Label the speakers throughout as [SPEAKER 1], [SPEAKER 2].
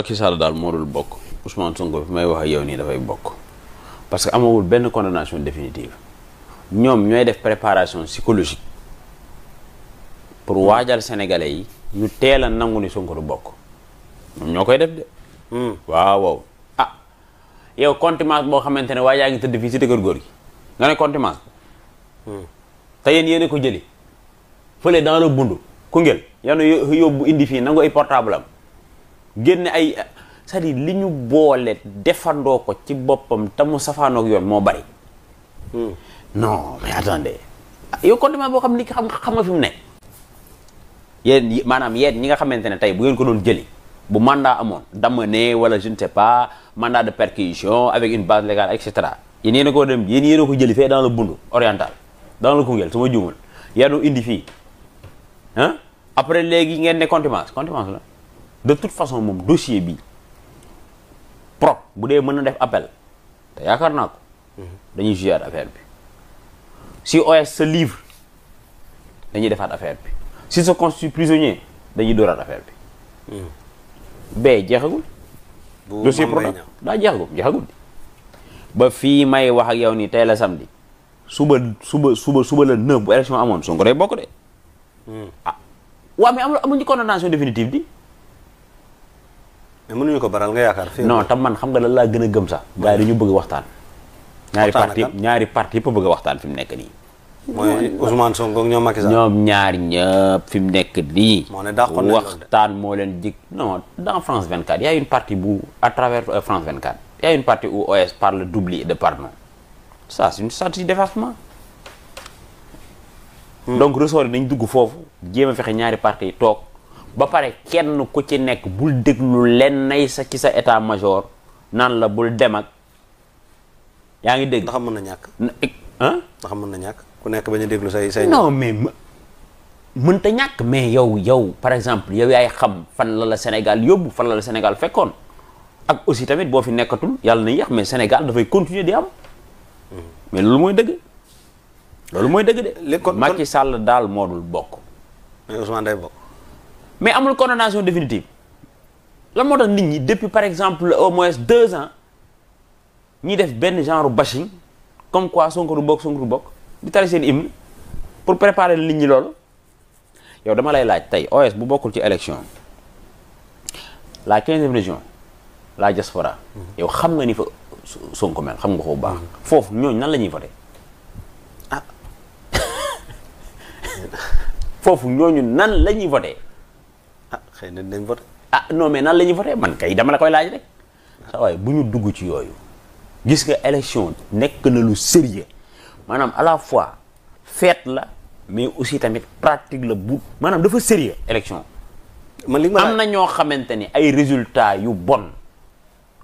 [SPEAKER 1] Macky Sall daal moo dul bokk Ousmane Sonko fi may wax ak yow nii dafay bokk parce que amawul benn condamnation définitive ñoom ñooy def préparation psychologique pour waajal sénégalais yi ñu teel a nangu ni Sonko du bokk ñoom ñoo koy def de. Hmm. waaw waaw ah yow contumace boo xamante ne waa yaa ngi te fii de dëgër góor gi nga ne contumace. Hmm. te yéen yéen ko jëli fële dans le bundu Koungheul yéen a yóbbu indi fii nangu ay am. génne ay cest li ñu boole defandoo ko ci boppam te mu safaanoog yoon moo bari. Hmm. non mais attendez. yow condiment boo xam ni xam xam nga fi mu ne. yéen maanaam yéen ñi nga xamante ne tey bu ngeen ko doon jëli bu mandat amoon d'amener wala je ne sais pas de perquisition avec une base légale et cetera yéen yéen a ko dem yéen yéen ko jëli fee dans le Bundu oriental dans le Koungheul su ma juumul yéen indi fii ah après léegi ngeen ne contumace contumace la. de toute façon moom dossier bi propre bu dee mën na def appel te yaakaar naa ko dañuy juyaat affaire bi si OS se livre dañuy defaat affaire bi si sa constitue prisonnier dañuy dooraat affaire bi bee jeexagul dossier propre daa jeexagul jeexagul ba fii may wax ak yow ni tey la samedi suba suba suba suba la neuf bu élection amoon Sonko day bokk de hmm. ah waaw mais amuñu condamnation définitive di mais mënuñu ko baral nga yaakaar fii non tam man xam nga lan laa gën gëm sax gars dañu bëgg waxtaan ñaari parti kan? ñaari parti yëpp bëgg a waxtaan fi mu nekk nii mooy Ousmane Sonko ñoom Macky Sall ñoom ñaar ñëpp fi mu nekk nii waxtaan moo leen jig non dans France 24 y a une partie bu à travers euh, France 24 y a une partie où OS parle d'oubli de pardon ça c'est une stratégie d'effacement hmm. donc ressort yi nañ dugg foofu jéem a ñaari parti yi ba pare kenn ku ci nekk bul déglu len nay sa ci sa état major naan la bul dem ak yaa ngi dégg. ndax mën na ñàkk. ah ndax na ñàkk ku nekk bañ a déglu say say. non mais mënta ñàkk mais yow yow par exemple yow yaay xam fan la la Sénégal yóbbu fan la la Sénégal fekkoon ak aussi tamit boo fi nekkatul yàlla nañ yax mais Sénégal dafay continuer di am hmm. mais loolu mooy dëgg loolu mooy dëgg de. léegi kon Macky Sall daal moo dul bokk. mais Ousmane bokk. mais amul condamnation définitive lan condamnation depuis par exemple au moins deux ans ni def ben genre bashing comme quoi son groupe, son groupe, pour préparer nit ñi loolu yow dama lay laaj OS bu élection la e région la diaspora yow xam nga ni qui mel xam nga ko baax nan ah non mais nan la voté man kay dama la koy laaj rek. sa buñu dugg ci que gis nga élection sérieux manam à la fois fête la mais aussi tamit pratique le bout manam dafa sérieux élection. man li ma ay résultats yu bon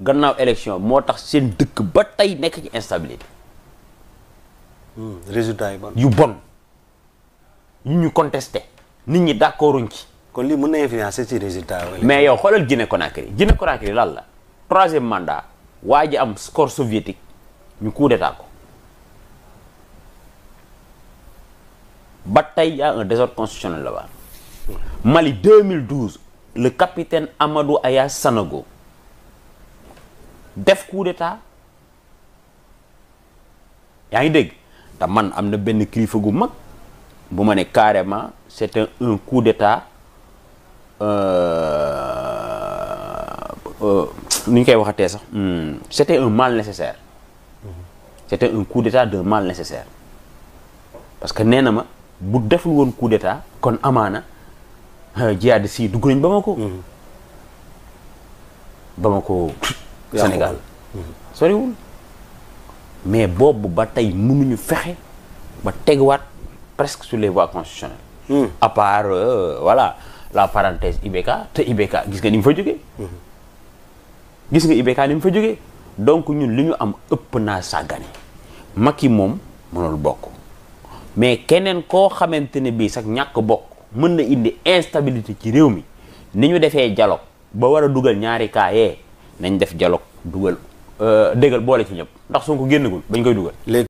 [SPEAKER 1] gannaaw élection motax seen ba hmm, résultats yu bon. yu bon ñu contesté nit ñi d'accorduñ kon li mën na influencer ci résultat mais yow xoolal guiné Conakry guiné Conakry lan la troisième mandat waa am score soviétique ñu coup d'état ko ba tey y a un désordre constitutionnel là-bas Mali 2012 le capitaine Amadou Aya Sanogo def coup d'état yaa ngi dégg te man am na benn kilifa gu mag bu ma ne carrément c'est un coup d'état Euh, euh, ni ñu koy waxatee sax hmm. c'était un mal nécessaire c'était un coup d'état d'un mal nécessaire parce que nee na ma bu deful woon coup d'état kon amaana euh, jihaad si dugg nañ Bamako hmm. ko Sénégal hmm. soriwul mais boobu ba tey mënuñu fexe ba teguwaat presque sur les voies constitutionnelles à part voilà la parenthèse IBK te IBK gis nga ni mu fa jógee. gis nga IBK ni fa jógee donc ñun am ëpp naa sàggane Macky moom mënul bokk mais keneen koo xamante ne bii sax ñàkk bokk mën na indi instabilité ci réew mi ni ñu defee ba war a dugal ñaari cas nañ def dialogue dugal euh, dëggal boole ci ñëpp ndax Sonko génnagul bañ koy dugal.